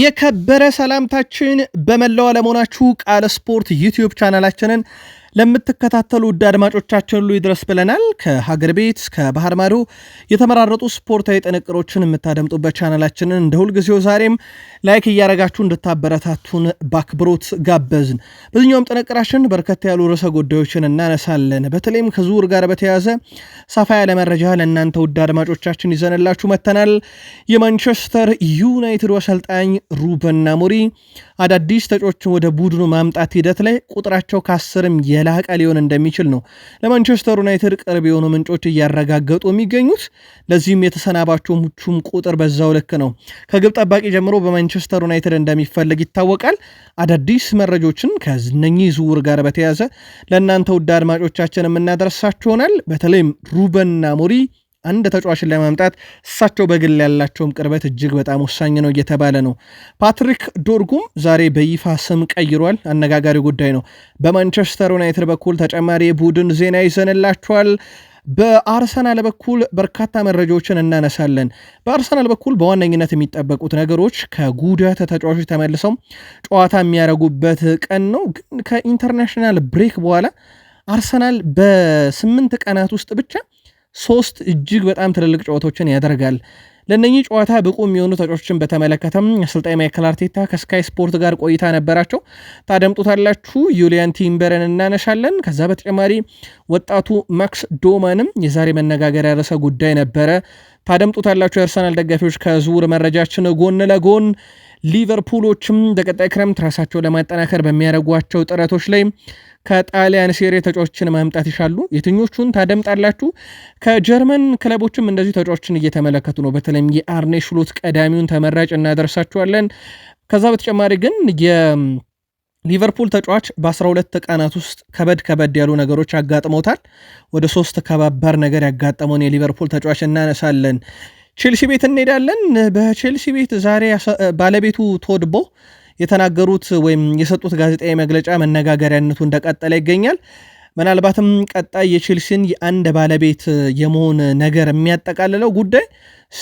የከበረ ሰላምታችን በመላው ዓለም ሆናችሁ ስፖርት ዩቲዩብ ቻናላችንን ለምትከታተሉ ውድ አድማጮቻችን ሁሉ ይድረስ ብለናል። ከሀገር ቤት ባህር ማዶ የተመራረጡ ስፖርታዊ ጥንቅሮችን የምታደምጡበት ቻናላችንን እንደ ሁልጊዜው ዛሬም ላይክ እያደረጋችሁ እንድታበረታቱን በአክብሮት ጋበዝን። በዚኛውም ጥንቅራችን በርከት ያሉ ርዕሰ ጉዳዮችን እናነሳለን። በተለይም ከዝውውር ጋር በተያያዘ ሰፋ ያለ መረጃ ለእናንተ ውድ አድማጮቻችን ይዘንላችሁ መጥተናል። የማንቸስተር ዩናይትድ አሰልጣኝ ሩበን አሞሪም አዳዲስ ተጫዋቾችን ወደ ቡድኑ ማምጣት ሂደት ላይ ቁጥራቸው ከአስርም የ የላቀ ሊሆን እንደሚችል ነው ለማንቸስተር ዩናይትድ ቅርብ የሆኑ ምንጮች እያረጋገጡ የሚገኙት። ለዚህም ምቹም ቁጥር በዛው ልክ ነው። ከግብ ጠባቂ ጀምሮ በማንቸስተር ዩናይትድ እንደሚፈለግ ይታወቃል። አዳዲስ መረጆችን ከነኚህ ዝውውር ጋር በተያያዘ ለእናንተ ውድ አድማጮቻችን የምናደርሳችሁ ይሆናል። በተለይም ሩበን አሞሪም አንድ ተጫዋችን ለማምጣት እሳቸው በግል ያላቸውም ቅርበት እጅግ በጣም ወሳኝ ነው እየተባለ ነው። ፓትሪክ ዶርጉም ዛሬ በይፋ ስም ቀይሯል። አነጋጋሪ ጉዳይ ነው። በማንቸስተር ዩናይትድ በኩል ተጨማሪ የቡድን ዜና ይዘንላቸዋል በአርሰናል በኩል በርካታ መረጃዎችን እናነሳለን። በአርሰናል በኩል በዋነኝነት የሚጠበቁት ነገሮች ከጉዳት ተጫዋቾች ተመልሰው ጨዋታ የሚያደርጉበት ቀን ነው። ግን ከኢንተርናሽናል ብሬክ በኋላ አርሰናል በስምንት ቀናት ውስጥ ብቻ ሶስት እጅግ በጣም ትልልቅ ጨዋታዎችን ያደርጋል። ለእነኚህ ጨዋታ ብቁ የሚሆኑ ተጫዋቾችን በተመለከተም አሰልጣኝ ማይክል አርቴታ ከስካይ ስፖርት ጋር ቆይታ ነበራቸው። ታደምጡታላችሁ። ዩሊያን ቲምበረን እናነሻለን። ከዛ በተጨማሪ ወጣቱ ማክስ ዶማንም የዛሬ መነጋገሪያ ርዕሰ ጉዳይ ነበረ። ታደምጡታላችሁ። የአርሰናል ደጋፊዎች ከዝውውር መረጃችን ጎን ለጎን ሊቨርፑሎችም በቀጣይ ክረምት ራሳቸው ለማጠናከር በሚያደርጓቸው ጥረቶች ላይ ከጣሊያን ሴሬ ተጫዎችን ማምጣት ይሻሉ። የትኞቹን ታደምጣላችሁ? ከጀርመን ክለቦችም እንደዚሁ ተጫዎችን እየተመለከቱ ነው። በተለይም የአርኔ ሽሎት ቀዳሚውን ተመራጭ እናደርሳችኋለን። ከዛ በተጨማሪ ግን ሊቨርፑል ተጫዋች በ12 ቀናት ውስጥ ከበድ ከበድ ያሉ ነገሮች ያጋጥመውታል። ወደ ሶስት ከባባር ነገር ያጋጠመውን የሊቨርፑል ተጫዋች እናነሳለን። ቼልሲ ቤት እንሄዳለን። በቼልሲ ቤት ዛሬ ባለቤቱ ቶድቦ የተናገሩት ወይም የሰጡት ጋዜጣዊ መግለጫ መነጋገሪያነቱ እንደቀጠለ ይገኛል። ምናልባትም ቀጣይ የቼልሲን የአንድ ባለቤት የመሆን ነገር የሚያጠቃልለው ጉዳይ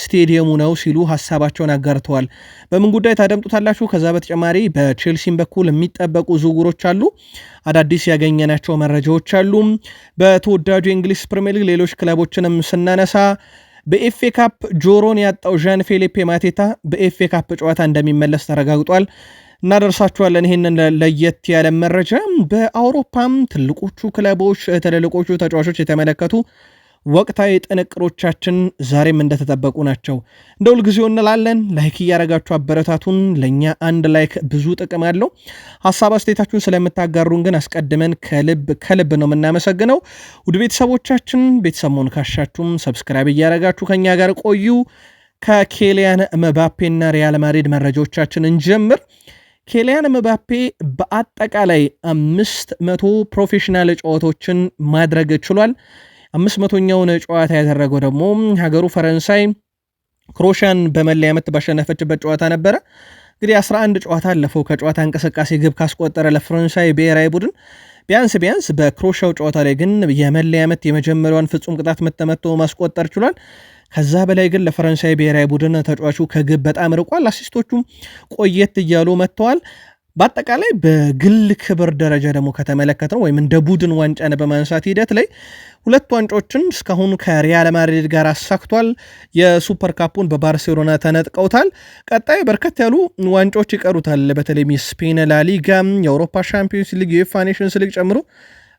ስቴዲየሙ ነው ሲሉ ሀሳባቸውን አጋርተዋል። በምን ጉዳይ ታደምጡታላችሁ። ከዛ በተጨማሪ በቼልሲም በኩል የሚጠበቁ ዝውውሮች አሉ። አዳዲስ ያገኘናቸው መረጃዎች አሉ። በተወዳጁ የእንግሊዝ ፕሪሚየር ሊግ ሌሎች ክለቦችንም ስናነሳ በኤፌ ካፕ ጆሮን ያጣው ዣን ፌሊፔ ማቴታ በኤፌ ካፕ ጨዋታ እንደሚመለስ ተረጋግጧል። እናደርሳችኋለን ይህንን ለየት ያለ መረጃ። በአውሮፓም ትልቆቹ ክለቦች ትልልቆቹ ተጫዋቾች የተመለከቱ ወቅታዊ ጥንቅሮቻችን ዛሬም እንደተጠበቁ ናቸው። እንደ ሁልጊዜው እንላለን፣ ላይክ እያረጋችሁ አበረታቱን። ለእኛ አንድ ላይክ ብዙ ጥቅም አለው። ሀሳብ አስተያየታችሁን ስለምታጋሩን ግን አስቀድመን ከልብ ከልብ ነው የምናመሰግነው። ውድ ቤተሰቦቻችን ቤተሰብ መሆን ካሻችሁም ሰብስክራይብ እያረጋችሁ ከእኛ ጋር ቆዩ። ከኬሊያን መባፔና ሪያል ማድሪድ መረጃዎቻችን እንጀምር። ኬሊያን መባፔ በአጠቃላይ አምስት መቶ ፕሮፌሽናል ጨዋታዎችን ማድረግ ችሏል። አምስት መቶኛውን ጨዋታ ያደረገው ደግሞ ሀገሩ ፈረንሳይ ክሮሻን በመለያ ምት ባሸነፈችበት ጨዋታ ነበረ። እንግዲህ 11 ጨዋታ አለፈው ከጨዋታ እንቅስቃሴ ግብ ካስቆጠረ ለፈረንሳይ ብሔራዊ ቡድን ቢያንስ ቢያንስ በክሮሻው ጨዋታ ላይ ግን የመለያ ምት የመጀመሪያዋን ፍጹም ቅጣት ምት ማስቆጠር ችሏል። ከዛ በላይ ግን ለፈረንሳይ ብሔራዊ ቡድን ተጫዋቹ ከግብ በጣም ርቋል። አሲስቶቹም ቆየት እያሉ መጥተዋል። በአጠቃላይ በግል ክብር ደረጃ ደግሞ ከተመለከትነው ወይም እንደ ቡድን ዋንጫን በማንሳት ሂደት ላይ ሁለት ዋንጫዎችን እስካሁን ከሪያል ማድሪድ ጋር አሳክቷል። የሱፐር ካፑን በባርሴሎና ተነጥቀውታል። ቀጣይ በርከት ያሉ ዋንጫዎች ይቀሩታል። በተለይም የስፔን ላሊጋ፣ የአውሮፓ ሻምፒዮንስ ሊግ፣ የዩፋ ኔሽንስ ሊግ ጨምሮ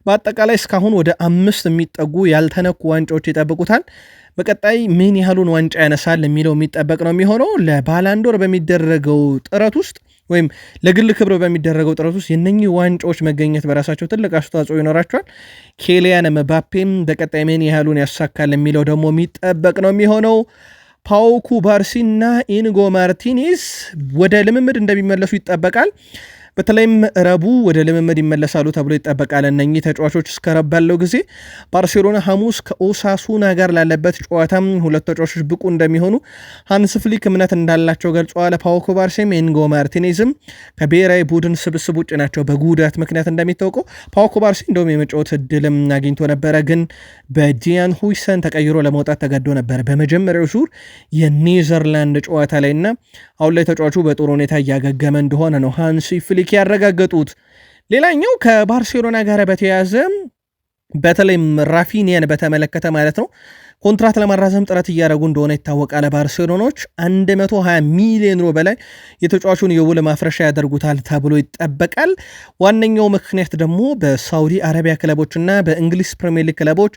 በአጠቃላይ እስካሁን ወደ አምስት የሚጠጉ ያልተነኩ ዋንጫዎች ይጠብቁታል። በቀጣይ ምን ያህሉን ዋንጫ ያነሳል የሚለው የሚጠበቅ ነው የሚሆነው ለባላንዶር በሚደረገው ጥረት ውስጥ ወይም ለግል ክብር በሚደረገው ጥረት ውስጥ የነኚህ ዋንጫዎች መገኘት በራሳቸው ትልቅ አስተዋጽኦ ይኖራቸዋል። ኬሊያን መባፔም በቀጣይ ምን ያህሉን ያሳካል የሚለው ደግሞ የሚጠበቅ ነው የሚሆነው። ፓውኩ ባርሲና ኢንጎ ማርቲኔስ ወደ ልምምድ እንደሚመለሱ ይጠበቃል። በተለይም ረቡ ወደ ልምምድ ይመለሳሉ ተብሎ ይጠበቃል። እነኚህ ተጫዋቾች እስከ ረቡዕ ባለው ጊዜ ባርሴሎና ሐሙስ ከኦሳሱና ጋር ላለበት ጨዋታም ሁለቱ ተጫዋቾች ብቁ እንደሚሆኑ ሃንስ ፍሊክ እምነት እንዳላቸው ገልጸዋል። ፓውኮ ባርሴም ኢኒጎ ማርቲኔዝም ከብሔራዊ ቡድን ስብስብ ውጭ ናቸው በጉዳት ምክንያት እንደሚታወቀው። ፓውኮ ባርሴ እንደውም የመጫወት እድልም አግኝቶ ነበረ፣ ግን በዲያን ሁይሰን ተቀይሮ ለመውጣት ተገዶ ነበረ በመጀመሪያው ዙር የኔዘርላንድ ጨዋታ ላይ እና አሁን ላይ ተጫዋቹ በጥሩ ሁኔታ እያገገመ እንደሆነ ነው ሃንሲ ፍሊክ ሊክ ያረጋገጡት። ሌላኛው ከባርሴሎና ጋር በተያያዘ በተለይም ራፊኒያን በተመለከተ ማለት ነው ኮንትራት ለማራዘም ጥረት እያደረጉ እንደሆነ ይታወቃል። ባርሴሎኖች 120 ሚሊዮን ዩሮ በላይ የተጫዋቹን የውል ማፍረሻ ያደርጉታል ተብሎ ይጠበቃል። ዋነኛው ምክንያት ደግሞ በሳውዲ አረቢያ ክለቦችና በእንግሊዝ ፕሪሚየር ሊግ ክለቦች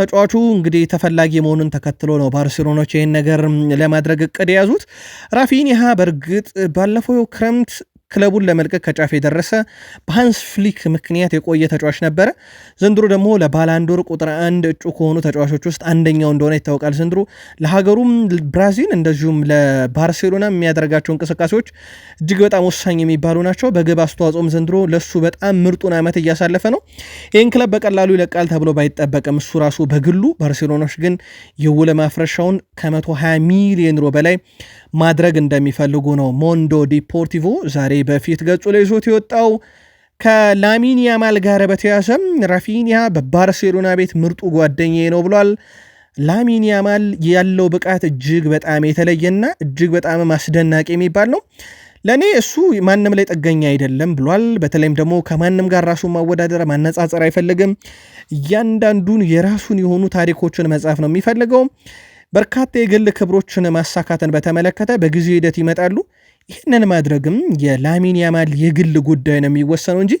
ተጫዋቹ እንግዲህ ተፈላጊ መሆኑን ተከትሎ ነው ባርሴሎኖች ይህን ነገር ለማድረግ እቅድ የያዙት። ራፊኒሃ በእርግጥ ባለፈው ክረምት ክለቡን ለመልቀቅ ከጫፍ የደረሰ በሃንስ ፍሊክ ምክንያት የቆየ ተጫዋች ነበረ። ዘንድሮ ደግሞ ለባላንዶር ቁጥር አንድ እጩ ከሆኑ ተጫዋቾች ውስጥ አንደኛው እንደሆነ ይታወቃል። ዘንድሮ ለሀገሩም ብራዚል እንደዚሁም ለባርሴሎና የሚያደርጋቸው እንቅስቃሴዎች እጅግ በጣም ወሳኝ የሚባሉ ናቸው። በግብ አስተዋጽኦም ዘንድሮ ለሱ በጣም ምርጡን ዓመት እያሳለፈ ነው። ይህን ክለብ በቀላሉ ይለቃል ተብሎ ባይጠበቅም እሱ ራሱ በግሉ ባርሴሎናዎች ግን የውለ ማፍረሻውን ከ120 ሚሊዮን ሮ በላይ ማድረግ እንደሚፈልጉ ነው ሞንዶ ዲፖርቲቮ ዛሬ በፊት ገጹ ላይ ይዞት የወጣው። ከላሚን ያማል ጋር በተያዘም ራፊኒያ በባርሴሎና ቤት ምርጡ ጓደኛዬ ነው ብሏል። ላሚን ያማል ያለው ብቃት እጅግ በጣም የተለየና እጅግ በጣም አስደናቂ የሚባል ነው። ለእኔ እሱ ማንም ላይ ጥገኛ አይደለም ብሏል። በተለይም ደግሞ ከማንም ጋር ራሱን ማወዳደር ማነጻጸር አይፈልግም። እያንዳንዱን የራሱን የሆኑ ታሪኮችን መጻፍ ነው የሚፈልገው። በርካታ የግል ክብሮችን ማሳካትን በተመለከተ በጊዜ ሂደት ይመጣሉ። ይህንን ማድረግም የላሚን ያማል የግል ጉዳይ ነው የሚወሰነው እንጂ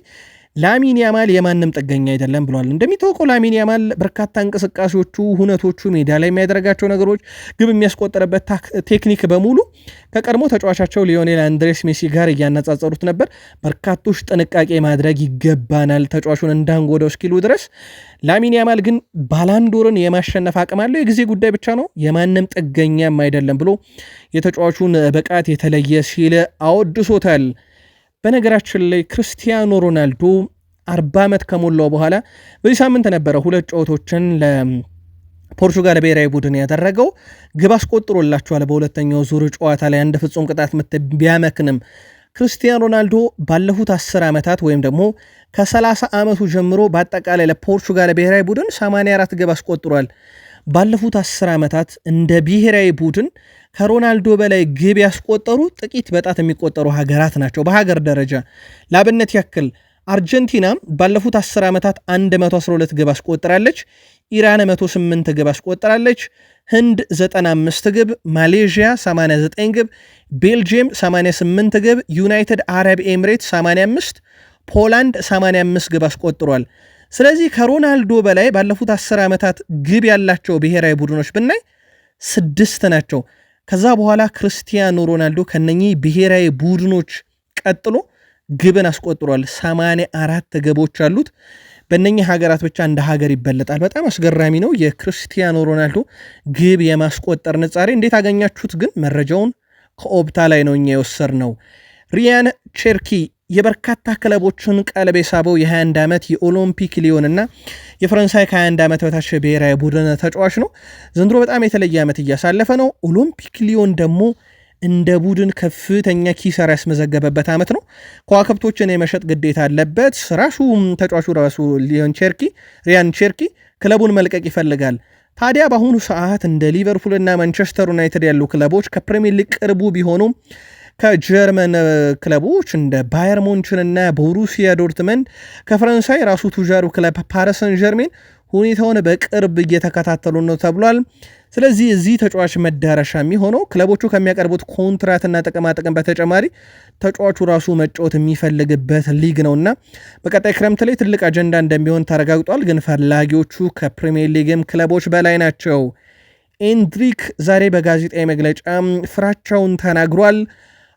ላሚን ያማል የማንም ጥገኛ አይደለም ብሏል። እንደሚታወቀው ላሚን ያማል በርካታ እንቅስቃሴዎቹ፣ ሁነቶቹ፣ ሜዳ ላይ የሚያደርጋቸው ነገሮች፣ ግብ የሚያስቆጠረበት ቴክኒክ በሙሉ ከቀድሞ ተጫዋቻቸው ሊዮኔል አንድሬስ ሜሲ ጋር እያነጻጸሩት ነበር። በርካቶች ጥንቃቄ ማድረግ ይገባናል ተጫዋቹን እንዳንጎደው እስኪሉ ድረስ ላሚን ያማል ግን ባላንዶርን የማሸነፍ አቅም አለው። የጊዜ ጉዳይ ብቻ ነው፣ የማንም ጥገኛም አይደለም ብሎ የተጫዋቹን ብቃት የተለየ ሲል አወድሶታል። በነገራችን ላይ ክርስቲያኖ ሮናልዶ አርባ ዓመት ከሞላው በኋላ በዚህ ሳምንት ነበረ ሁለት ጨዋታዎችን ለፖርቹጋል ብሔራዊ ቡድን ያደረገው። ግብ አስቆጥሮላቸዋል። በሁለተኛው ዙር ጨዋታ ላይ አንድ ፍጹም ቅጣት ምት ቢያመክንም ክርስቲያን ሮናልዶ ባለፉት 10 ዓመታት ወይም ደግሞ ከ30 ዓመቱ ጀምሮ በአጠቃላይ ለፖርቹጋል ብሔራዊ ቡድን 84 ግብ አስቆጥሯል። ባለፉት 10 ዓመታት እንደ ብሔራዊ ቡድን ከሮናልዶ በላይ ግብ ያስቆጠሩ ጥቂት በጣት የሚቆጠሩ ሀገራት ናቸው። በሀገር ደረጃ ለአብነት ያክል አርጀንቲና ባለፉት 10 ዓመታት 112 ግብ አስቆጥራለች። ኢራን 108 ግብ አስቆጥራለች። ህንድ 95 ግብ፣ ማሌዥያ 89 ግብ፣ ቤልጅየም 88 ግብ፣ ዩናይትድ አረብ ኤምሬት 85፣ ፖላንድ 85 ግብ አስቆጥሯል። ስለዚህ ከሮናልዶ በላይ ባለፉት 10 ዓመታት ግብ ያላቸው ብሔራዊ ቡድኖች ብናይ ስድስት ናቸው። ከዛ በኋላ ክርስቲያኖ ሮናልዶ ከነኚህ ብሔራዊ ቡድኖች ቀጥሎ ግብን አስቆጥሯል። 84 ግቦች አሉት። በእነኚህ ሀገራት ብቻ እንደ ሀገር ይበለጣል። በጣም አስገራሚ ነው። የክርስቲያኖ ሮናልዶ ግብ የማስቆጠር ንጻሬ እንዴት አገኛችሁት? ግን መረጃውን ከኦፕታ ላይ ነው እኛ ነው። ሪያን ቼርኪ የበርካታ ክለቦችን ቀልብ የሳበው የ21 ዓመት የኦሎምፒክ ሊዮንና የፈረንሳይ ከ21 ዓመት በታች ብሔራዊ ቡድን ተጫዋች ነው። ዘንድሮ በጣም የተለየ ዓመት እያሳለፈ ነው። ኦሎምፒክ ሊዮን ደግሞ እንደ ቡድን ከፍተኛ ኪሳራ ያስመዘገበበት ዓመት ነው። ከዋክብቶችን የመሸጥ ግዴታ አለበት። ራሱ ተጫዋቹ ራሱ ሊዮን ቼርኪ ሪያን ቼርኪ ክለቡን መልቀቅ ይፈልጋል። ታዲያ በአሁኑ ሰዓት እንደ ሊቨርፑል ሊቨርፑልና ማንቸስተር ዩናይትድ ያሉ ክለቦች ከፕሪሚየር ሊግ ቅርቡ ቢሆኑም ከጀርመን ክለቦች እንደ ባየር ሞንችንና ቦሩሲያ ዶርትመንድ ከፈረንሳይ ራሱ ቱጃሩ ክለብ ፓሪስ ሰን ጀርሜን ሁኔታውን በቅርብ እየተከታተሉ ነው ተብሏል። ስለዚህ እዚህ ተጫዋች መዳረሻ የሚሆነው ክለቦቹ ከሚያቀርቡት ኮንትራትና ጥቅማጥቅም በተጨማሪ ተጫዋቹ ራሱ መጫወት የሚፈልግበት ሊግ ነውና በቀጣይ ክረምት ላይ ትልቅ አጀንዳ እንደሚሆን ተረጋግጧል። ግን ፈላጊዎቹ ከፕሪሚየር ሊግም ክለቦች በላይ ናቸው። ኤንድሪክ ዛሬ በጋዜጣዊ መግለጫ ፍራቻውን ተናግሯል።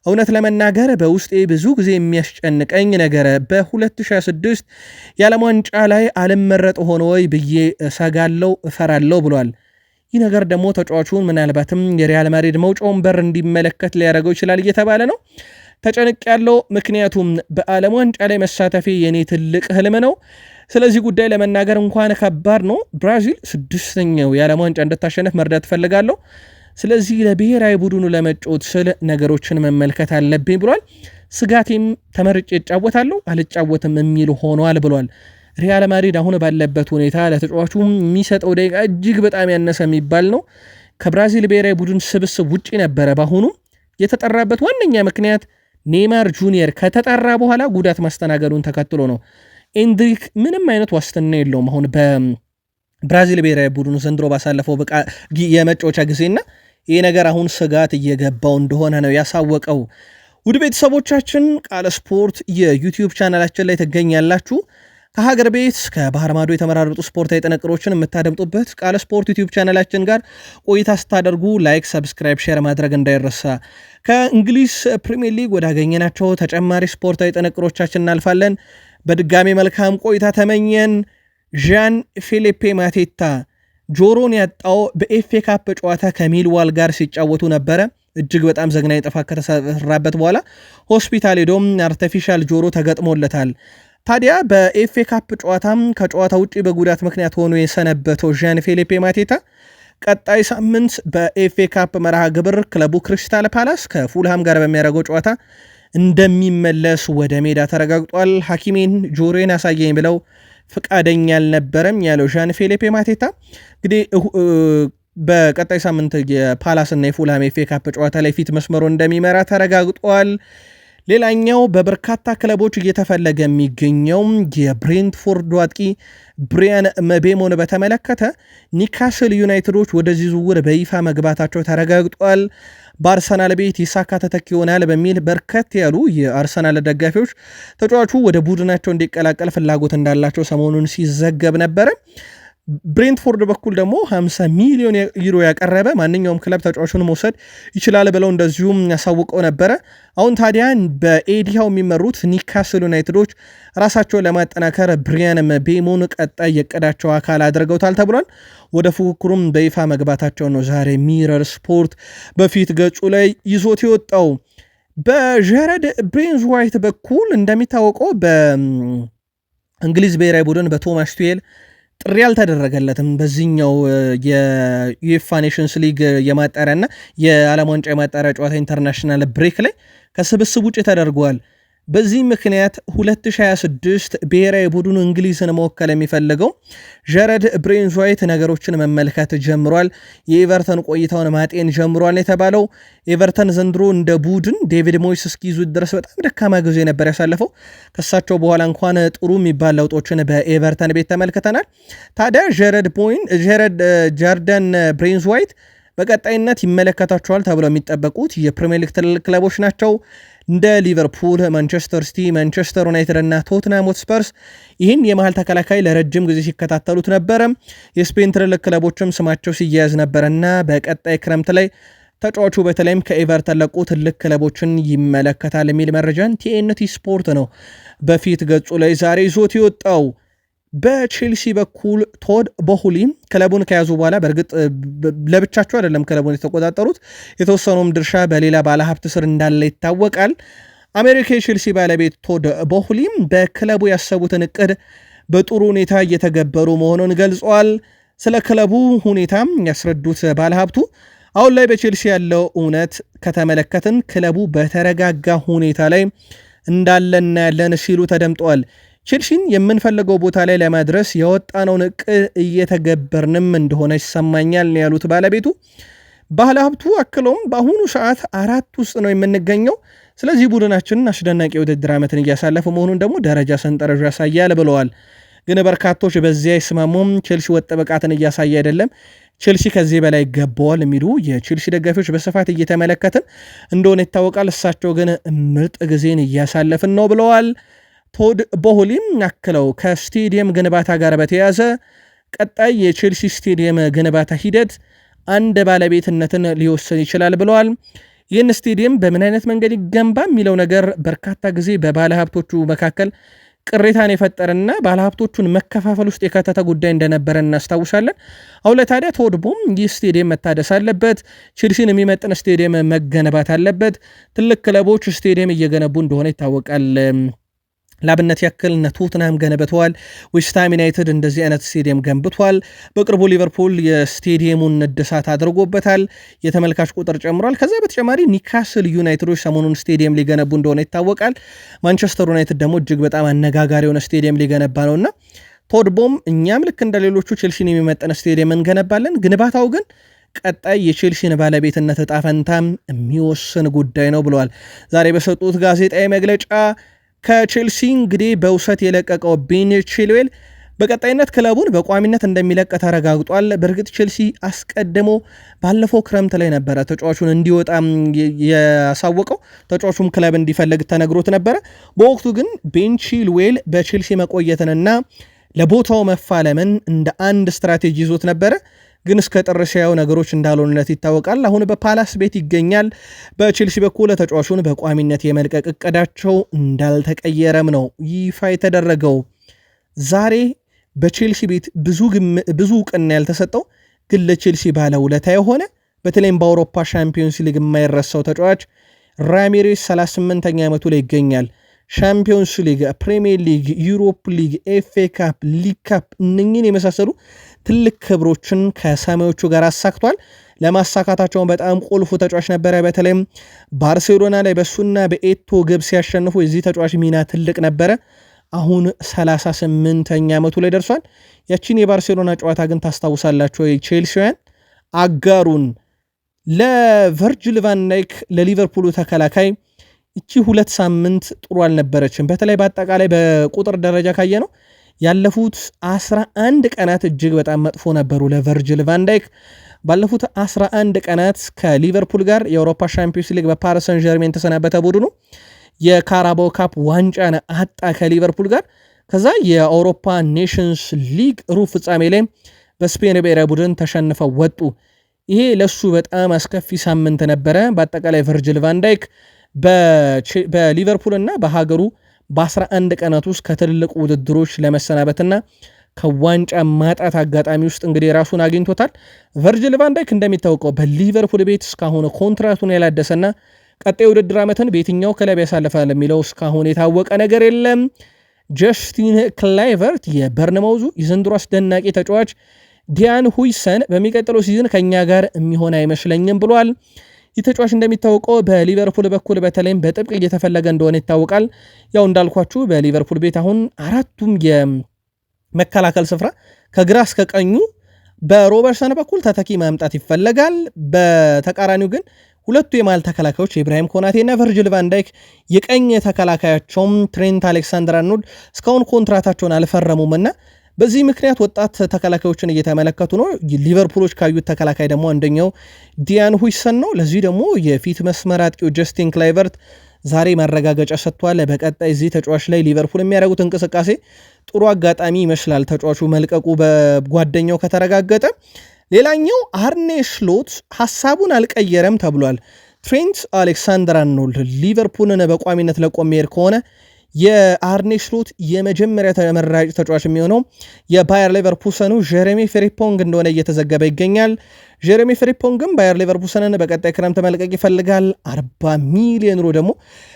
እውነት ለመናገር በውስጤ ብዙ ጊዜ የሚያስጨንቀኝ ነገር በ2026 የዓለም ዋንጫ ላይ አልመረጥ ሆኖ ወይ ብዬ እሰጋለው እፈራለው ብሏል። ይህ ነገር ደግሞ ተጫዋቹን ምናልባትም የሪያል ማድሪድ መውጫውን በር እንዲመለከት ሊያደርገው ይችላል እየተባለ ነው። ተጨንቅ ያለው ምክንያቱም በዓለም ዋንጫ ላይ መሳተፌ የኔ ትልቅ ህልም ነው። ስለዚህ ጉዳይ ለመናገር እንኳን ከባድ ነው። ብራዚል ስድስተኛው የዓለም ዋንጫ መርዳት ትፈልጋለሁ። ስለዚህ ለብሔራዊ ቡድኑ ለመጫወት ስል ነገሮችን መመልከት አለብኝ ብሏል። ስጋቴም ተመርጬ እጫወታለሁ አልጫወትም የሚል ሆኗል ብሏል። ሪያል ማድሪድ አሁን ባለበት ሁኔታ ለተጫዋቹ የሚሰጠው ደቂቃ እጅግ በጣም ያነሰ የሚባል ነው። ከብራዚል ብሔራዊ ቡድን ስብስብ ውጪ ነበረ። በአሁኑ የተጠራበት ዋነኛ ምክንያት ኔይማር ጁኒየር ከተጠራ በኋላ ጉዳት ማስተናገዱን ተከትሎ ነው። ኤንድሪክ ምንም አይነት ዋስትና የለውም አሁን በብራዚል ብሔራዊ ቡድኑ ዘንድሮ ባሳለፈው የመጫወቻ ጊዜና ይህ ነገር አሁን ስጋት እየገባው እንደሆነ ነው ያሳወቀው። ውድ ቤተሰቦቻችን ቃለ ስፖርት የዩቲዩብ ቻናላችን ላይ ትገኛላችሁ። ከሀገር ቤት እስከ ባህር ማዶ የተመራረጡ ስፖርታዊ ጥንቅሮችን የምታደምጡበት ቃለ ስፖርት ዩቲዩብ ቻናላችን ጋር ቆይታ ስታደርጉ ላይክ፣ ሰብስክራይብ፣ ሼር ማድረግ እንዳይረሳ። ከእንግሊዝ ፕሪሚየር ሊግ ወዳገኘናቸው ተጨማሪ ስፖርታዊ ጥንቅሮቻችን እናልፋለን። በድጋሚ መልካም ቆይታ ተመኘን። ዣን ፊሊፔ ማቴታ ጆሮን ያጣው በኤፌ ካፕ ጨዋታ ከሚልዋል ጋር ሲጫወቱ ነበረ። እጅግ በጣም ዘግናኝ ጥፋት ከተሰራበት በኋላ ሆስፒታል ሄዶም አርተፊሻል ጆሮ ተገጥሞለታል። ታዲያ በኤፌ ካፕ ጨዋታም ከጨዋታ ውጭ በጉዳት ምክንያት ሆኖ የሰነበተው ዣን ፌሊፔ ማቴታ ቀጣይ ሳምንት በኤፌ ካፕ መርሃ ግብር ክለቡ ክሪስታል ፓላስ ከፉልሃም ጋር በሚያደርገው ጨዋታ እንደሚመለስ ወደ ሜዳ ተረጋግጧል። ሐኪሜን ጆሮዬን አሳየኝ ብለው ፍቃደኛ አልነበረም ያለው ዣን ፊሊፔ ማቴታ እንግዲህ በቀጣይ ሳምንት የፓላስና የፉልሃም ኤፍ ኤ ካፕ ጨዋታ ላይ ፊት መስመሩ እንደሚመራ ተረጋግጧል። ሌላኛው በበርካታ ክለቦች እየተፈለገ የሚገኘው የብሬንትፎርድ አጥቂ ብሪያን መቤሞን በተመለከተ ኒካስል ዩናይትዶች ወደዚህ ዝውውር በይፋ መግባታቸው ተረጋግጧል። በአርሰናል ቤት ይሳካ ተተኪ ይሆናል በሚል በርከት ያሉ የአርሰናል ደጋፊዎች ተጫዋቹ ወደ ቡድናቸው እንዲቀላቀል ፍላጎት እንዳላቸው ሰሞኑን ሲዘገብ ነበረ። ብሬንትፎርድ በኩል ደግሞ 50 ሚሊዮን ዩሮ ያቀረበ ማንኛውም ክለብ ተጫዋቹን መውሰድ ይችላል ብለው እንደዚሁም ያሳውቀው ነበረ። አሁን ታዲያ በኤዲሃው የሚመሩት ኒካስል ዩናይትዶች ራሳቸውን ለማጠናከር ብሪያንም ቤሞን ቀጣይ የቀዳቸው አካል አድርገውታል ተብሏል። ወደ ፉክክሩም በይፋ መግባታቸው ነው ዛሬ ሚረር ስፖርት በፊት ገጹ ላይ ይዞት የወጣው። በጀረድ ብሬንዝ ዋይት በኩል እንደሚታወቀው በእንግሊዝ ብሔራዊ ቡድን በቶማስ ቱዌል ጥሪ አልተደረገለትም በዚህኛው የዩኤፋ ኔሽንስ ሊግ የማጣሪያና የዓለም ዋንጫ የማጣሪያ ጨዋታ ኢንተርናሽናል ብሬክ ላይ ከስብስብ ውጭ ተደርጓል። በዚህ ምክንያት 2026 ብሔራዊ ቡድኑ እንግሊዝን መወከል የሚፈልገው ጀረድ ብሬንዝዋይት ነገሮችን መመልከት ጀምሯል። የኤቨርተን ቆይታውን ማጤን ጀምሯል የተባለው ኤቨርተን ዘንድሮ እንደ ቡድን ዴቪድ ሞይስ እስኪይዙ ድረስ በጣም ደካማ ጊዜ ነበር ያሳለፈው። ከሳቸው በኋላ እንኳን ጥሩ የሚባል ለውጦችን በኤቨርተን ቤት ተመልክተናል። ታዲያ ጀረድ ቦይን ጀረድ ጃርደን ብሬንዝዋይት በቀጣይነት ይመለከታቸዋል ተብለው የሚጠበቁት የፕሪምየር ሊግ ትልልቅ ክለቦች ናቸው። እንደ ሊቨርፑል፣ ማንቸስተር ሲቲ፣ ማንቸስተር ዩናይትድ እና ቶትናም ሆትስፐርስ ይህን የመሀል ተከላካይ ለረጅም ጊዜ ሲከታተሉት ነበረ። የስፔን ትልልቅ ክለቦችም ስማቸው ሲያያዝ ነበረና በቀጣይ ክረምት ላይ ተጫዋቹ በተለይም ከኤቨርተን ለቆ ትልቅ ክለቦችን ይመለከታል የሚል መረጃን ቲኤንቲ ስፖርት ነው በፊት ገጹ ላይ ዛሬ ይዞት የወጣው። በቼልሲ በኩል ቶድ ቦሁሊ ክለቡን ከያዙ በኋላ በእርግጥ ለብቻቸው አይደለም ክለቡን የተቆጣጠሩት፣ የተወሰነውም ድርሻ በሌላ ባለሀብት ስር እንዳለ ይታወቃል። አሜሪካ የቼልሲ ባለቤት ቶድ ቦሁሊ በክለቡ ያሰቡትን እቅድ በጥሩ ሁኔታ እየተገበሩ መሆኑን ገልጸዋል። ስለ ክለቡ ሁኔታም ያስረዱት ባለሀብቱ አሁን ላይ በቼልሲ ያለው እውነት ከተመለከትን ክለቡ በተረጋጋ ሁኔታ ላይ እንዳለ እናያለን ሲሉ ተደምጠዋል። ቼልሲን የምንፈልገው ቦታ ላይ ለማድረስ የወጣነውን እቅ እየተገበርንም እንደሆነ ይሰማኛል ያሉት ባለቤቱ። ባለ ሀብቱ አክለውም በአሁኑ ሰዓት አራት ውስጥ ነው የምንገኘው። ስለዚህ ቡድናችንን አስደናቂ የውድድር ዓመትን እያሳለፈ መሆኑን ደግሞ ደረጃ ሰንጠረዥ ያሳያል ብለዋል። ግን በርካቶች በዚህ አይስማሙም። ቼልሲ ወጥ ብቃትን እያሳየ አይደለም፣ ቼልሲ ከዚህ በላይ ይገባዋል የሚሉ የቼልሲ ደጋፊዎች በስፋት እየተመለከትን እንደሆነ ይታወቃል። እሳቸው ግን ምርጥ ጊዜን እያሳለፍን ነው ብለዋል። ቶድ ቦሆሊም ያክለው ከስቴዲየም ግንባታ ጋር በተያያዘ ቀጣይ የቼልሲ ስቴዲየም ግንባታ ሂደት አንድ ባለቤትነትን ሊወሰን ይችላል ብለዋል። ይህን ስቴዲየም በምን አይነት መንገድ ይገንባ የሚለው ነገር በርካታ ጊዜ በባለሀብቶቹ መካከል ቅሬታን የፈጠረና ባለሀብቶቹን መከፋፈል ውስጥ የከተተ ጉዳይ እንደነበረ እናስታውሳለን። አሁን ታዲያ ተወድቦም ይህ ስቴዲየም መታደስ አለበት፣ ቼልሲን የሚመጥን ስቴዲየም መገነባት አለበት። ትልቅ ክለቦች ስቴዲየም እየገነቡ እንደሆነ ይታወቃል። ላብነት ያክል እነ ቶትናም ገንብተዋል። ዌስትሃም ዩናይትድ እንደዚህ አይነት ስቴዲየም ገንብቷል። በቅርቡ ሊቨርፑል የስቴዲየሙን እድሳት አድርጎበታል። የተመልካች ቁጥር ጨምሯል። ከዛ በተጨማሪ ኒካስል ዩናይትዶች ሰሞኑን ስቴዲየም ሊገነቡ እንደሆነ ይታወቃል። ማንቸስተር ዩናይትድ ደግሞ እጅግ በጣም አነጋጋሪ የሆነ ስቴዲየም ሊገነባ ነውና ቶድቦም እኛም ልክ እንደ ሌሎቹ ቼልሲን የሚመጠን ስቴዲየም እንገነባለን። ግንባታው ግን ቀጣይ የቼልሲን ባለቤትነት እጣ ፈንታም የሚወስን ጉዳይ ነው ብለዋል። ዛሬ በሰጡት ጋዜጣዊ መግለጫ ከቼልሲ እንግዲህ በውሰት የለቀቀው ቤን ቺልዌል በቀጣይነት ክለቡን በቋሚነት እንደሚለቅ ተረጋግጧል። በእርግጥ ቼልሲ አስቀድሞ ባለፈው ክረምት ላይ ነበረ ተጫዋቹን እንዲወጣ ያሳወቀው። ተጫዋቹም ክለብ እንዲፈልግ ተነግሮት ነበረ። በወቅቱ ግን ቤን ቺልዌል በቼልሲ መቆየትንና ለቦታው መፋለምን እንደ አንድ ስትራቴጂ ይዞት ነበረ። ግን እስከ ጥር ሲያዩ ነገሮች እንዳልሆኑነት ይታወቃል። አሁን በፓላስ ቤት ይገኛል። በቼልሲ በኩል ተጫዋቹን በቋሚነት የመልቀቅ እቅዳቸው እንዳልተቀየረም ነው ይፋ የተደረገው። ዛሬ በቼልሲ ቤት ብዙ እውቅና ያልተሰጠው ግን ለቼልሲ ባለውለታ የሆነ በተለይም በአውሮፓ ሻምፒዮንስ ሊግ የማይረሳው ተጫዋች ራሜሬስ 38ኛ ዓመቱ ላይ ይገኛል። ሻምፒዮንስ ሊግ፣ ፕሪሚየር ሊግ፣ ዩሮፕ ሊግ፣ ኤፍኤ ካፕ፣ ሊግ ካፕ እነኝን የመሳሰሉ ትልቅ ክብሮችን ከሰማዮቹ ጋር አሳክቷል። ለማሳካታቸውን በጣም ቁልፉ ተጫዋች ነበረ። በተለይም ባርሴሎና ላይ በሱና በኤቶ ግብ ሲያሸንፉ የዚህ ተጫዋች ሚና ትልቅ ነበረ። አሁን 38ኛ ዓመቱ ላይ ደርሷል። ያቺን የባርሴሎና ጨዋታ ግን ታስታውሳላቸው ቼልሲውያን አጋሩን ለቨርጅል ቫንዳይክ ለሊቨርፑሉ ተከላካይ እቺ ሁለት ሳምንት ጥሩ አልነበረችም። በተለይ በአጠቃላይ በቁጥር ደረጃ ካየ ነው ያለፉት 11 ቀናት እጅግ በጣም መጥፎ ነበሩ ለቨርጅል ቫንዳይክ። ባለፉት 11 ቀናት ከሊቨርፑል ጋር የአውሮፓ ሻምፒዮንስ ሊግ በፓሪሰን ጀርሜን የተሰናበተ ቡድኑ የካራባው ካፕ ዋንጫን አጣ ከሊቨርፑል ጋር። ከዛ የአውሮፓ ኔሽንስ ሊግ ሩብ ፍጻሜ ላይ በስፔን ብሔራዊ ቡድን ተሸንፈው ወጡ። ይሄ ለሱ በጣም አስከፊ ሳምንት ነበረ። በአጠቃላይ ቨርጅል ቫንዳይክ በሊቨርፑልና በሀገሩ በ11 ቀናት ውስጥ ከትልልቅ ውድድሮች ለመሰናበትና ከዋንጫ ማጣት አጋጣሚ ውስጥ እንግዲህ ራሱን አግኝቶታል። ቨርጅል ቫንዳይክ እንደሚታወቀው በሊቨርፑል ቤት እስካሁን ኮንትራቱን ያላደሰና ቀጣይ የውድድር ዓመትን በየትኛው ክለብ ያሳልፋል የሚለው እስካሁን የታወቀ ነገር የለም። ጀስቲን ክላይቨርት የበርንማውዙ የዘንድሮ አስደናቂ ተጫዋች ዲያን ሁይሰን በሚቀጥለው ሲዝን ከእኛ ጋር የሚሆን አይመስለኝም ብሏል። ይህ ተጫዋች እንደሚታወቀው በሊቨርፑል በኩል በተለይም በጥብቅ እየተፈለገ እንደሆነ ይታወቃል። ያው እንዳልኳችሁ በሊቨርፑል ቤት አሁን አራቱም የመከላከል ስፍራ ከግራ እስከ ቀኙ በሮበርሰን በኩል ተተኪ ማምጣት ይፈለጋል። በተቃራኒው ግን ሁለቱ የመሃል ተከላካዮች ኢብራሂም ኮናቴና ቨርጅል ቫንዳይክ የቀኝ ተከላካያቸውም ትሬንት አሌክሳንደር አርኖልድ እስካሁን ኮንትራታቸውን አልፈረሙምና በዚህ ምክንያት ወጣት ተከላካዮችን እየተመለከቱ ነው። ሊቨርፑሎች ካዩት ተከላካይ ደግሞ አንደኛው ዲያን ሁይሰን ነው። ለዚህ ደግሞ የፊት መስመር አጥቂው ጀስቲን ክላይቨርት ዛሬ ማረጋገጫ ሰጥቷል። በቀጣይ እዚህ ተጫዋች ላይ ሊቨርፑል የሚያደርጉት እንቅስቃሴ ጥሩ አጋጣሚ ይመስላል፣ ተጫዋቹ መልቀቁ በጓደኛው ከተረጋገጠ። ሌላኛው አርኔ ሽሎት ሀሳቡን አልቀየረም ተብሏል። ትሬንት አሌክሳንደር አርኖልድ ሊቨርፑልን በቋሚነት ለቆ ከሆነ የአርኔ ስሎት የመጀመሪያ ተመራጭ ተጫዋች የሚሆነው የባየር ሌቨርፑሰኑ ጀሬሚ ፍሪፖንግ እንደሆነ እየተዘገበ ይገኛል። ጀሬሚ ፍሪፖንግም ባየር ሌቨርፑሰንን በቀጣይ ክረምት መልቀቅ ይፈልጋል። 40 ሚሊዮን ዩሮ ደግሞ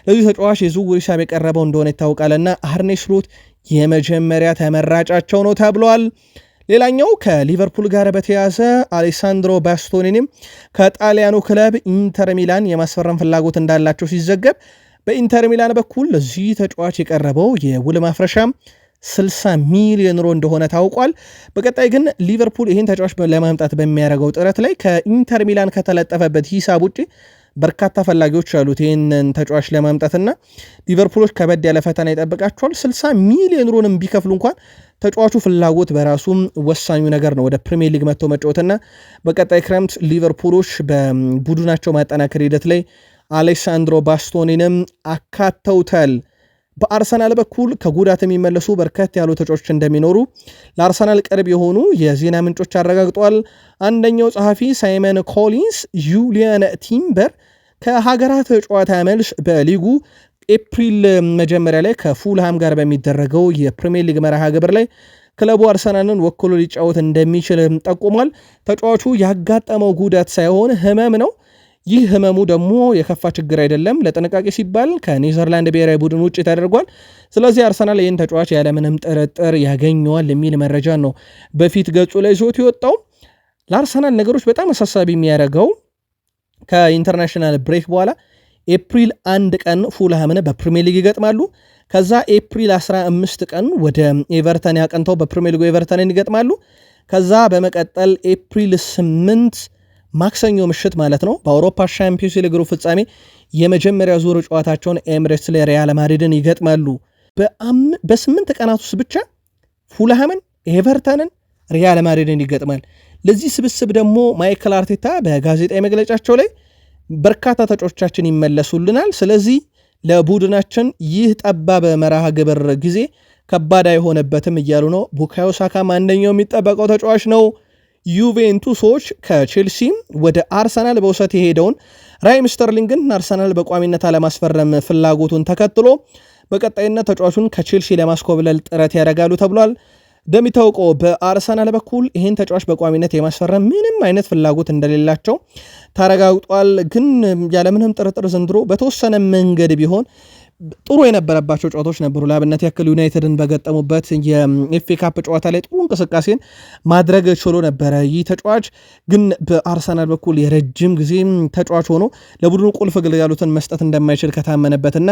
ለዚህ ተጫዋች የዝውውር ሂሳብ የቀረበው እንደሆነ ይታወቃልና አርኔ ስሎት የመጀመሪያ ተመራጫቸው ነው ተብሏል። ሌላኛው ከሊቨርፑል ጋር በተያዘ አሌሳንድሮ ባስቶኒንም ከጣሊያኑ ክለብ ኢንተር ሚላን የማስፈረም ፍላጎት እንዳላቸው ሲዘገብ በኢንተር ሚላን በኩል ለዚህ ተጫዋች የቀረበው የውል ማፍረሻ 60 ሚሊዮን ዩሮ እንደሆነ ታውቋል። በቀጣይ ግን ሊቨርፑል ይህን ተጫዋች ለማምጣት በሚያደርገው ጥረት ላይ ከኢንተር ሚላን ከተለጠፈበት ሂሳብ ውጭ በርካታ ፈላጊዎች አሉት ይህንን ተጫዋች ለማምጣትና ሊቨርፑሎች ከበድ ያለ ፈተና ይጠብቃቸዋል። 60 ሚሊዮን ዩሮንም ቢከፍሉ እንኳን ተጫዋቹ ፍላጎት በራሱም ወሳኙ ነገር ነው። ወደ ፕሪሚየር ሊግ መጥቶ መጫወትና በቀጣይ ክረምት ሊቨርፑሎች በቡድናቸው ማጠናከር ሂደት ላይ አሌሳንድሮ ባስቶኒንም አካተውታል። በአርሰናል በኩል ከጉዳት የሚመለሱ በርከት ያሉ ተጫዋቾች እንደሚኖሩ ለአርሰናል ቅርብ የሆኑ የዜና ምንጮች አረጋግጧል። አንደኛው ጸሐፊ ሳይመን ኮሊንስ ዩሊያን ቲምበር ከሀገራት ጨዋታ መልስ በሊጉ ኤፕሪል መጀመሪያ ላይ ከፉልሃም ጋር በሚደረገው የፕሪሚየር ሊግ መርሃ ግብር ላይ ክለቡ አርሰናልን ወክሎ ሊጫወት እንደሚችል ጠቁሟል። ተጫዋቹ ያጋጠመው ጉዳት ሳይሆን ህመም ነው። ይህ ህመሙ ደግሞ የከፋ ችግር አይደለም፣ ለጥንቃቄ ሲባል ከኔዘርላንድ ብሔራዊ ቡድን ውጭ ተደርጓል። ስለዚህ አርሰናል ይህን ተጫዋች ያለምንም ጥርጥር ያገኘዋል የሚል መረጃ ነው በፊት ገጹ ላይ ይዞት የወጣው። ለአርሰናል ነገሮች በጣም አሳሳቢ የሚያደርገው ከኢንተርናሽናል ብሬክ በኋላ ኤፕሪል አንድ ቀን ፉልሃምን በፕሪሚየር ሊግ ይገጥማሉ። ከዛ ኤፕሪል 15 ቀን ወደ ኤቨርተን ያቀንተው በፕሪሚየር ሊጉ ኤቨርተንን ይገጥማሉ። ከዛ በመቀጠል ኤፕሪል 8 ማክሰኞ ምሽት ማለት ነው በአውሮፓ ሻምፒዮንስ ሊግ ሩብ ፍጻሜ የመጀመሪያ ዙር ጨዋታቸውን ኤምሬትስ ላይ ሪያል ማድሪድን ይገጥማሉ። በስምንት ቀናት ውስጥ ብቻ ፉልሃምን፣ ኤቨርተንን፣ ሪያል ማድሪድን ይገጥማል። ለዚህ ስብስብ ደግሞ ማይክል አርቴታ በጋዜጣዊ መግለጫቸው ላይ በርካታ ተጫዋቾቻችን ይመለሱልናል፣ ስለዚህ ለቡድናችን ይህ ጠባብ መርሃ ግብር ጊዜ ከባድ አይሆንበትም እያሉ ነው። ቡካዮ ሳካም አንደኛው የሚጠበቀው ተጫዋች ነው። ዩቬንቱሶች ከቼልሲም ወደ አርሰናል በውሰት የሄደውን ራይም ስተርሊንግን አርሰናል በቋሚነት አለማስፈረም ፍላጎቱን ተከትሎ በቀጣይነት ተጫዋቹን ከቼልሲ ለማስኮብለል ጥረት ያደርጋሉ ተብሏል። እንደሚታወቀው በአርሰናል በኩል ይህን ተጫዋች በቋሚነት የማስፈረም ምንም አይነት ፍላጎት እንደሌላቸው ተረጋግጧል። ግን ያለምንም ጥርጥር ዘንድሮ በተወሰነ መንገድ ቢሆን ጥሩ የነበረባቸው ጨዋታዎች ነበሩ። ለአብነት ያክል ዩናይትድን በገጠሙበት የኤፍኤ ካፕ ጨዋታ ላይ ጥሩ እንቅስቃሴን ማድረግ ችሎ ነበረ። ይህ ተጫዋች ግን በአርሰናል በኩል የረጅም ጊዜ ተጫዋች ሆኖ ለቡድኑ ቁልፍ ግልጋሎትን መስጠት እንደማይችል ከታመነበትና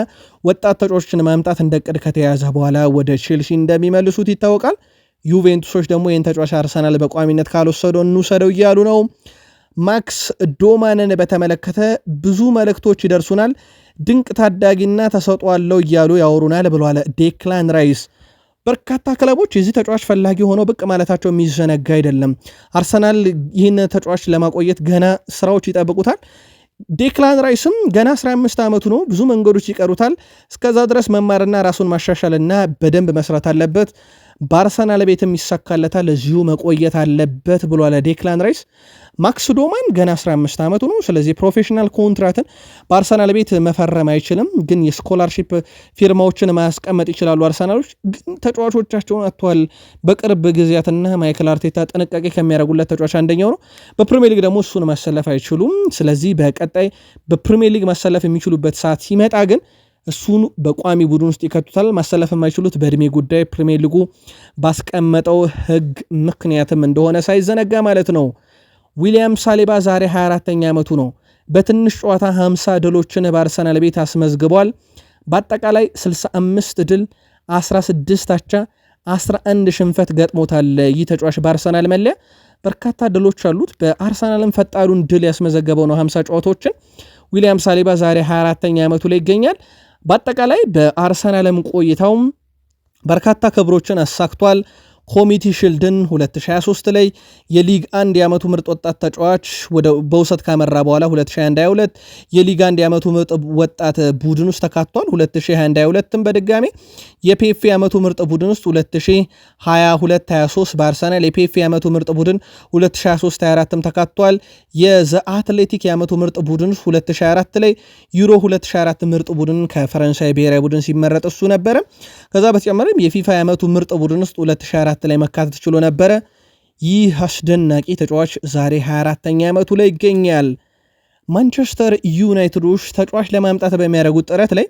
ወጣት ተጫዋቾችን ማምጣት እንደ ቅድ ከተያዘ በኋላ ወደ ቼልሲ እንደሚመልሱት ይታወቃል። ዩቬንቱሶች ደግሞ ይህን ተጫዋች አርሰናል በቋሚነት ካልወሰደው እንውሰደው እያሉ ነው። ማክስ ዶማንን በተመለከተ ብዙ መልእክቶች ይደርሱናል። ድንቅ ታዳጊና ተሰጥኦ አለው እያሉ ያወሩናል ብሏል ዴክላን ራይስ። በርካታ ክለቦች የዚህ ተጫዋች ፈላጊ ሆኖ ብቅ ማለታቸው የሚዘነጋ አይደለም። አርሰናል ይህን ተጫዋች ለማቆየት ገና ስራዎች ይጠብቁታል። ዴክላን ራይስም ገና 15 ዓመቱ ነው፣ ብዙ መንገዶች ይቀሩታል። እስከዛ ድረስ መማርና ራሱን ማሻሻልና በደንብ መስራት አለበት። በአርሰናል ቤትም ይሳካለታል፣ እዚሁ መቆየት አለበት ብሏል ዴክላን ራይስ። ማክስ ዶማን ገና 15 ዓመቱ ነው። ስለዚህ ፕሮፌሽናል ኮንትራትን በአርሰናል ቤት መፈረም አይችልም፣ ግን የስኮላርሺፕ ፊርማዎችን ማያስቀመጥ ይችላሉ። አርሰናሎች ግን ተጫዋቾቻቸውን አጥተዋል በቅርብ ጊዜያትና ማይክል አርቴታ ጥንቃቄ ከሚያደርጉለት ተጫዋች አንደኛው ነው። በፕሪሚየር ሊግ ደግሞ እሱን ማሰለፍ አይችሉም። ስለዚህ በቀጣይ በፕሪሚየር ሊግ ማሰለፍ የሚችሉበት ሰዓት ሲመጣ ግን እሱን በቋሚ ቡድን ውስጥ ይከቱታል። ማሰለፍ የማይችሉት በእድሜ ጉዳይ ፕሪሚየር ሊጉ ባስቀመጠው ሕግ ምክንያትም እንደሆነ ሳይዘነጋ ማለት ነው። ዊሊያም ሳሌባ ዛሬ 24 ተኛ ዓመቱ ነው። በትንሽ ጨዋታ 50 ድሎችን በአርሰናል ቤት አስመዝግቧል። በአጠቃላይ 65 ድል፣ 16 አቻ፣ 11 ሽንፈት ገጥሞታል። ይህ ተጫዋች በአርሰናል መለያ በርካታ ድሎች አሉት። በአርሰናልም ፈጣኑን ድል ያስመዘገበው ነው 50 ጨዋታዎችን። ዊሊያም ሳሌባ ዛሬ 24ኛ ዓመቱ ላይ ይገኛል። በአጠቃላይ በአርሰናልም ቆይታውም በርካታ ክብሮችን አሳክቷል። ኮሚቲ ሽልድን 2023 ላይ የሊግ አንድ የዓመቱ ምርጥ ወጣት ተጫዋች በውሰት ካመራ በኋላ 2022 የሊግ አንድ የዓመቱ ምርጥ ወጣት ቡድን ውስጥ ተካቷል 2022 ም በድጋሜ የፔፌ የዓመቱ ምርጥ ቡድን ውስጥ 2022/23 በአርሰናል የፔፌ የዓመቱ ምርጥ ቡድን 2023/24ም ተካቷል። የዘ አትሌቲክ የዓመቱ ምርጥ ቡድን ውስጥ 2024 ላይ ዩሮ 2024 ምርጥ ቡድን ከፈረንሳይ ብሔራዊ ቡድን ሲመረጥ እሱ ነበረ። ከዛ በተጨማሪም የፊፋ የዓመቱ ምርጥ ቡድን ውስጥ 2024 24 ላይ መካተት ችሎ ነበረ። ይህ አስደናቂ ተጫዋች ዛሬ 24ኛ ዓመቱ ላይ ይገኛል። ማንቸስተር ዩናይትዶች ተጫዋች ለማምጣት በሚያደርጉት ጥረት ላይ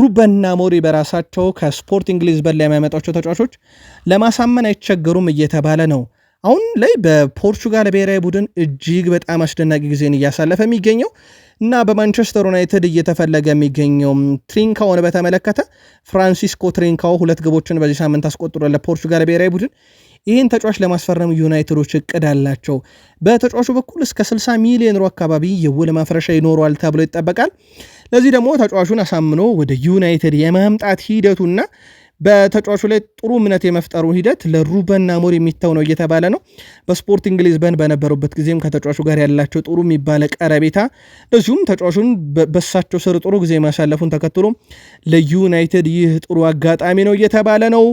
ሩበንና ሞሪ በራሳቸው ከስፖርቲንግ ሊዝበን ላይ የሚያመጧቸው ተጫዋቾች ለማሳመን አይቸገሩም እየተባለ ነው። አሁን ላይ በፖርቹጋል ብሔራዊ ቡድን እጅግ በጣም አስደናቂ ጊዜን እያሳለፈ የሚገኘው እና በማንቸስተር ዩናይትድ እየተፈለገ የሚገኘው ትሪንካውን በተመለከተ ፍራንሲስኮ ትሪንካው ሁለት ግቦችን በዚህ ሳምንት አስቆጥሮ ለፖርቹጋል ብሔራዊ ቡድን ይህን ተጫዋች ለማስፈረም ዩናይትዶች እቅድ አላቸው። በተጫዋቹ በኩል እስከ 60 ሚሊዮን ሮ አካባቢ የውል ማፍረሻ ይኖረዋል ተብሎ ይጠበቃል። ለዚህ ደግሞ ተጫዋቹን አሳምኖ ወደ ዩናይትድ የማምጣት ሂደቱና በተጫዋቹ ላይ ጥሩ እምነት የመፍጠሩ ሂደት ለሩበን አሞሪም የሚተው ነው እየተባለ ነው። በስፖርት ሊዝበን በነበሩበት ጊዜም ከተጫዋቹ ጋር ያላቸው ጥሩ የሚባለ ቀረቤታ፣ እንደዚሁም ተጫዋቹን በሳቸው ስር ጥሩ ጊዜ ማሳለፉን ተከትሎ ለዩናይትድ ይህ ጥሩ አጋጣሚ ነው እየተባለ ነው።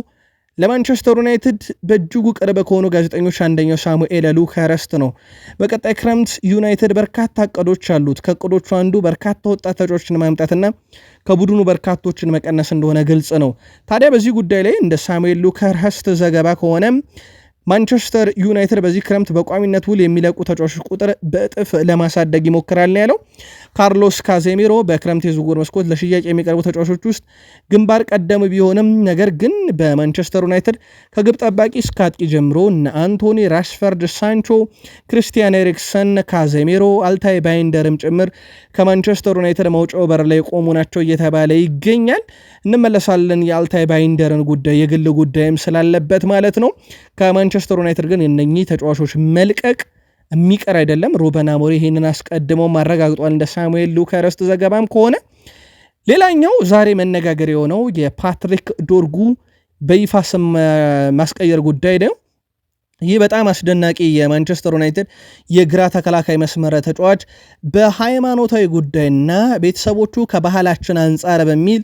ለማንቸስተር ዩናይትድ በእጅጉ ቅርብ ከሆኑ ጋዜጠኞች አንደኛው ሳሙኤል ሉ ከረስት ነው። በቀጣይ ክረምት ዩናይትድ በርካታ እቅዶች አሉት። ከእቅዶቹ አንዱ በርካታ ወጣት ተጫዋቾችን ማምጣትና ከቡድኑ በርካቶችን መቀነስ እንደሆነ ግልጽ ነው። ታዲያ በዚህ ጉዳይ ላይ እንደ ሳሙኤል ሉ ዘገባ ከሆነ ማንቸስተር ዩናይትድ በዚህ ክረምት በቋሚነት ውል የሚለቁ ተጫዋቾች ቁጥር በእጥፍ ለማሳደግ ይሞክራል ያለው። ካርሎስ ካዜሚሮ በክረምት የዝውውር መስኮት ለሽያጭ የሚቀርቡ ተጫዋቾች ውስጥ ግንባር ቀደም ቢሆንም ነገር ግን በማንቸስተር ዩናይትድ ከግብ ጠባቂ እስከ አጥቂ ጀምሮ እነ አንቶኒ፣ ራሽፈርድ፣ ሳንቾ፣ ክሪስቲያን ኤሪክሰን፣ ካዜሚሮ፣ አልታይ ባይንደርም ጭምር ከማንቸስተር ዩናይትድ መውጫው በር ላይ ቆሙ ናቸው እየተባለ ይገኛል። እንመለሳለን የአልታይ ባይንደርን ጉዳይ የግል ጉዳይም ስላለበት ማለት ነው። ከማንቸስተር ዩናይትድ ግን የነኚህ ተጫዋቾች መልቀቅ የሚቀር አይደለም። ሩበን አሞሪ ይህንን አስቀድሞም አረጋግጧል። እንደ ሳሙኤል ሉከረስት ዘገባም ከሆነ ሌላኛው ዛሬ መነጋገር የሆነው የፓትሪክ ዶርጉ በይፋ ስም ማስቀየር ጉዳይ ነው። ይህ በጣም አስደናቂ የማንቸስተር ዩናይትድ የግራ ተከላካይ መስመር ተጫዋች በሃይማኖታዊ ጉዳይና ቤተሰቦቹ ከባህላችን አንጻር በሚል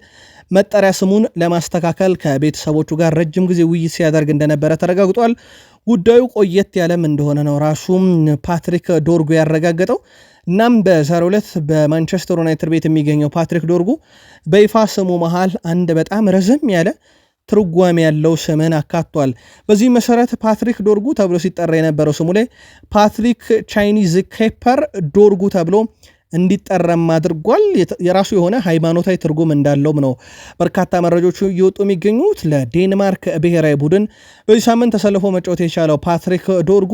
መጠሪያ ስሙን ለማስተካከል ከቤተሰቦቹ ጋር ረጅም ጊዜ ውይይት ሲያደርግ እንደነበረ ተረጋግጧል። ጉዳዩ ቆየት ያለም እንደሆነ ነው ራሱም ፓትሪክ ዶርጉ ያረጋገጠው። እናም በዛሬው ዕለት በማንቸስተር ዩናይትድ ቤት የሚገኘው ፓትሪክ ዶርጉ በይፋ ስሙ መሃል አንድ በጣም ረዘም ያለ ትርጓሜ ያለው ስምን አካቷል። በዚህ መሰረት ፓትሪክ ዶርጉ ተብሎ ሲጠራ የነበረው ስሙ ላይ ፓትሪክ ቻይኒዝ ኬፐር ዶርጉ ተብሎ እንዲጠራም አድርጓል። የራሱ የሆነ ሃይማኖታዊ ትርጉም እንዳለውም ነው በርካታ መረጃዎቹ እየወጡ የሚገኙት። ለዴንማርክ ብሔራዊ ቡድን በዚህ ሳምንት ተሰልፎ መጫወት የቻለው ፓትሪክ ዶርጉ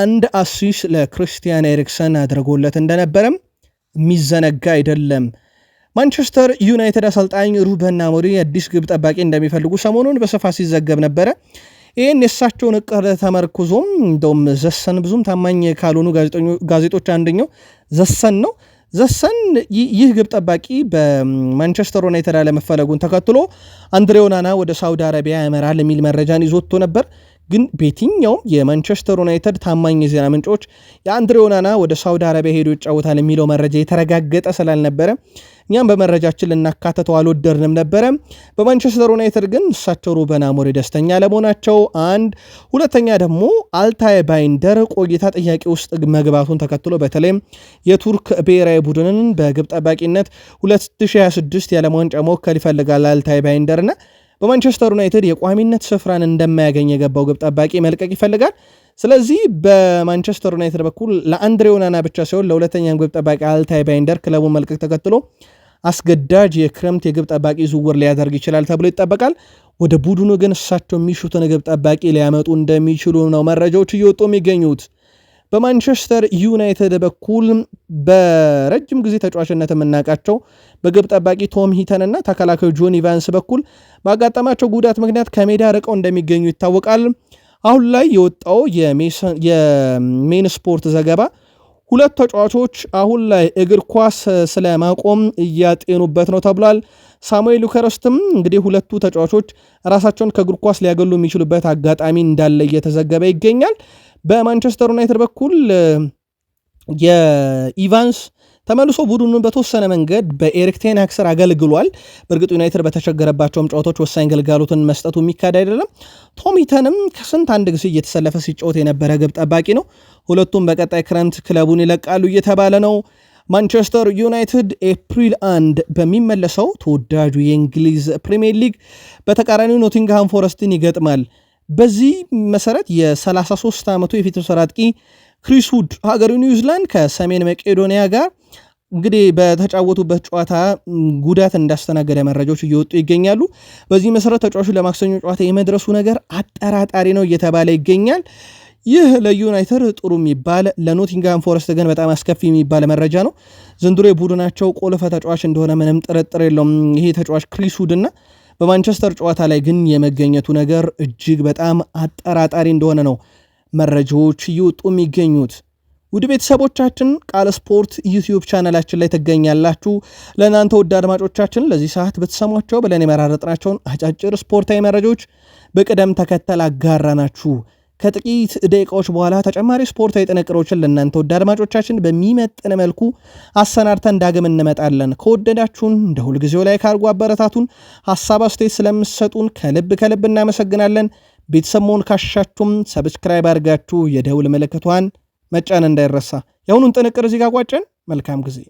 አንድ አሲስ ለክርስቲያን ኤሪክሰን አድርጎለት እንደነበረም የሚዘነጋ አይደለም። ማንቸስተር ዩናይትድ አሰልጣኝ ሩበን አሞሪም አዲስ ግብ ጠባቂ እንደሚፈልጉ ሰሞኑን በስፋት ሲዘገብ ነበረ። ይህን የእሳቸውን እቅድ ተመርኩዞም እንደውም ዘሰን ብዙም ታማኝ ካልሆኑ ጋዜጦች አንደኛው ዘሰን ነው። ዘሰን ይህ ግብ ጠባቂ በማንቸስተር ዩናይትድ አለመፈለጉን ተከትሎ አንድሬ ኦናና ወደ ሳውዲ አረቢያ ያመራል የሚል መረጃን ይዞ ወጥቶ ነበር። ግን በየትኛውም የማንቸስተር ዩናይትድ ታማኝ የዜና ምንጮች የአንድሬ ኦናና ወደ ሳውዲ አረቢያ ሄዶ ይጫወታል የሚለው መረጃ የተረጋገጠ ስላልነበረ እኛም በመረጃችን ልናካተተው አልወደድንም ነበረ። በማንቸስተር ዩናይትድ ግን እሳቸው ሩበን አሞሪም ደስተኛ ለመሆናቸው አንድ፣ ሁለተኛ ደግሞ አልታይ ባይንደር ቆይታ ጥያቄ ውስጥ መግባቱን ተከትሎ በተለይም የቱርክ ብሔራዊ ቡድንን በግብ ጠባቂነት 2026 የዓለም ዋንጫ መወከል ይፈልጋል አልታይ ባይንደርና በማንቸስተር ዩናይትድ የቋሚነት ስፍራን እንደማያገኝ የገባው ግብ ጠባቂ መልቀቅ ይፈልጋል። ስለዚህ በማንቸስተር ዩናይትድ በኩል ለአንድሬ ኦናና ብቻ ሳይሆን ለሁለተኛም ግብ ጠባቂ አልታይ ባይንደር ክለቡን መልቀቅ ተከትሎ አስገዳጅ የክረምት የግብ ጠባቂ ዝውውር ሊያደርግ ይችላል ተብሎ ይጠበቃል። ወደ ቡድኑ ግን እሳቸው የሚሹትን ግብ ጠባቂ ሊያመጡ እንደሚችሉ ነው መረጃዎች እየወጡ የሚገኙት። በማንቸስተር ዩናይትድ በኩል በረጅም ጊዜ ተጫዋችነት የምናውቃቸው በግብ ጠባቂ ቶም ሂተን እና ተከላካዩ ጆን ኢቫንስ በኩል ባጋጠማቸው ጉዳት ምክንያት ከሜዳ ርቀው እንደሚገኙ ይታወቃል። አሁን ላይ የወጣው የሜን ስፖርት ዘገባ ሁለት ተጫዋቾች አሁን ላይ እግር ኳስ ስለማቆም እያጤኑበት ነው ተብሏል። ሳሙኤል ዩከረስትም እንግዲህ ሁለቱ ተጫዋቾች ራሳቸውን ከእግር ኳስ ሊያገሉ የሚችሉበት አጋጣሚ እንዳለ እየተዘገበ ይገኛል። በማንቸስተር ዩናይትድ በኩል የኢቫንስ ተመልሶ ቡድኑን በተወሰነ መንገድ በኤሪክ ቴን ስር አገልግሏል። በእርግጥ ዩናይትድ በተቸገረባቸውም ጨዋታዎች ወሳኝ ግልጋሎትን መስጠቱ የሚካድ አይደለም። ቶሚተንም ከስንት አንድ ጊዜ እየተሰለፈ ሲጫወት የነበረ ግብ ጠባቂ ነው። ሁለቱም በቀጣይ ክረምት ክለቡን ይለቃሉ እየተባለ ነው። ማንቸስተር ዩናይትድ ኤፕሪል አንድ በሚመለሰው ተወዳጁ የእንግሊዝ ፕሪምየር ሊግ በተቃራኒው ኖቲንግሃም ፎረስትን ይገጥማል። በዚህ መሰረት የ33 ዓመቱ የፊት መስመር አጥቂ ክሪስ ውድ ሀገሩ ኒውዚላንድ ከሰሜን መቄዶንያ ጋር እንግዲህ በተጫወቱበት ጨዋታ ጉዳት እንዳስተናገደ መረጃዎች እየወጡ ይገኛሉ። በዚህ መሰረት ተጫዋቹ ለማክሰኞ ጨዋታ የመድረሱ ነገር አጠራጣሪ ነው እየተባለ ይገኛል። ይህ ለዩናይትድ ጥሩ የሚባል ለኖቲንግሃም ፎረስት ግን በጣም አስከፊ የሚባል መረጃ ነው። ዘንድሮ የቡድናቸው ቁልፍ ተጫዋች እንደሆነ ምንም ጥርጥር የለውም። ይሄ ተጫዋች ክሪስ ውድና በማንቸስተር ጨዋታ ላይ ግን የመገኘቱ ነገር እጅግ በጣም አጠራጣሪ እንደሆነ ነው መረጃዎች እየወጡ የሚገኙት። ውድ ቤተሰቦቻችን ቃል ስፖርት ዩቲዩብ ቻናላችን ላይ ትገኛላችሁ። ለእናንተ ውድ አድማጮቻችን ለዚህ ሰዓት በተሰሟቸው ብለን የመራረጥናቸውን አጫጭር ስፖርታዊ መረጃዎች በቅደም ተከተል አጋራናችሁ። ከጥቂት ደቂቃዎች በኋላ ተጨማሪ ስፖርታዊ ጥንቅሮችን ለእናንተ ወደ አድማጮቻችን በሚመጥን መልኩ አሰናድተን ዳግም እንመጣለን። ከወደዳችሁን እንደ ሁልጊዜው ላይ ካርጎ አበረታቱን። ሀሳብ አስተያየት ስለምሰጡን ከልብ ከልብ እናመሰግናለን። ቤተሰብ መሆን ካሻችሁም ሰብስክራይብ አድርጋችሁ የደውል ምልክቷን መጫን እንዳይረሳ። የአሁኑን ጥንቅር እዚህ ጋር ቋጨን። መልካም ጊዜ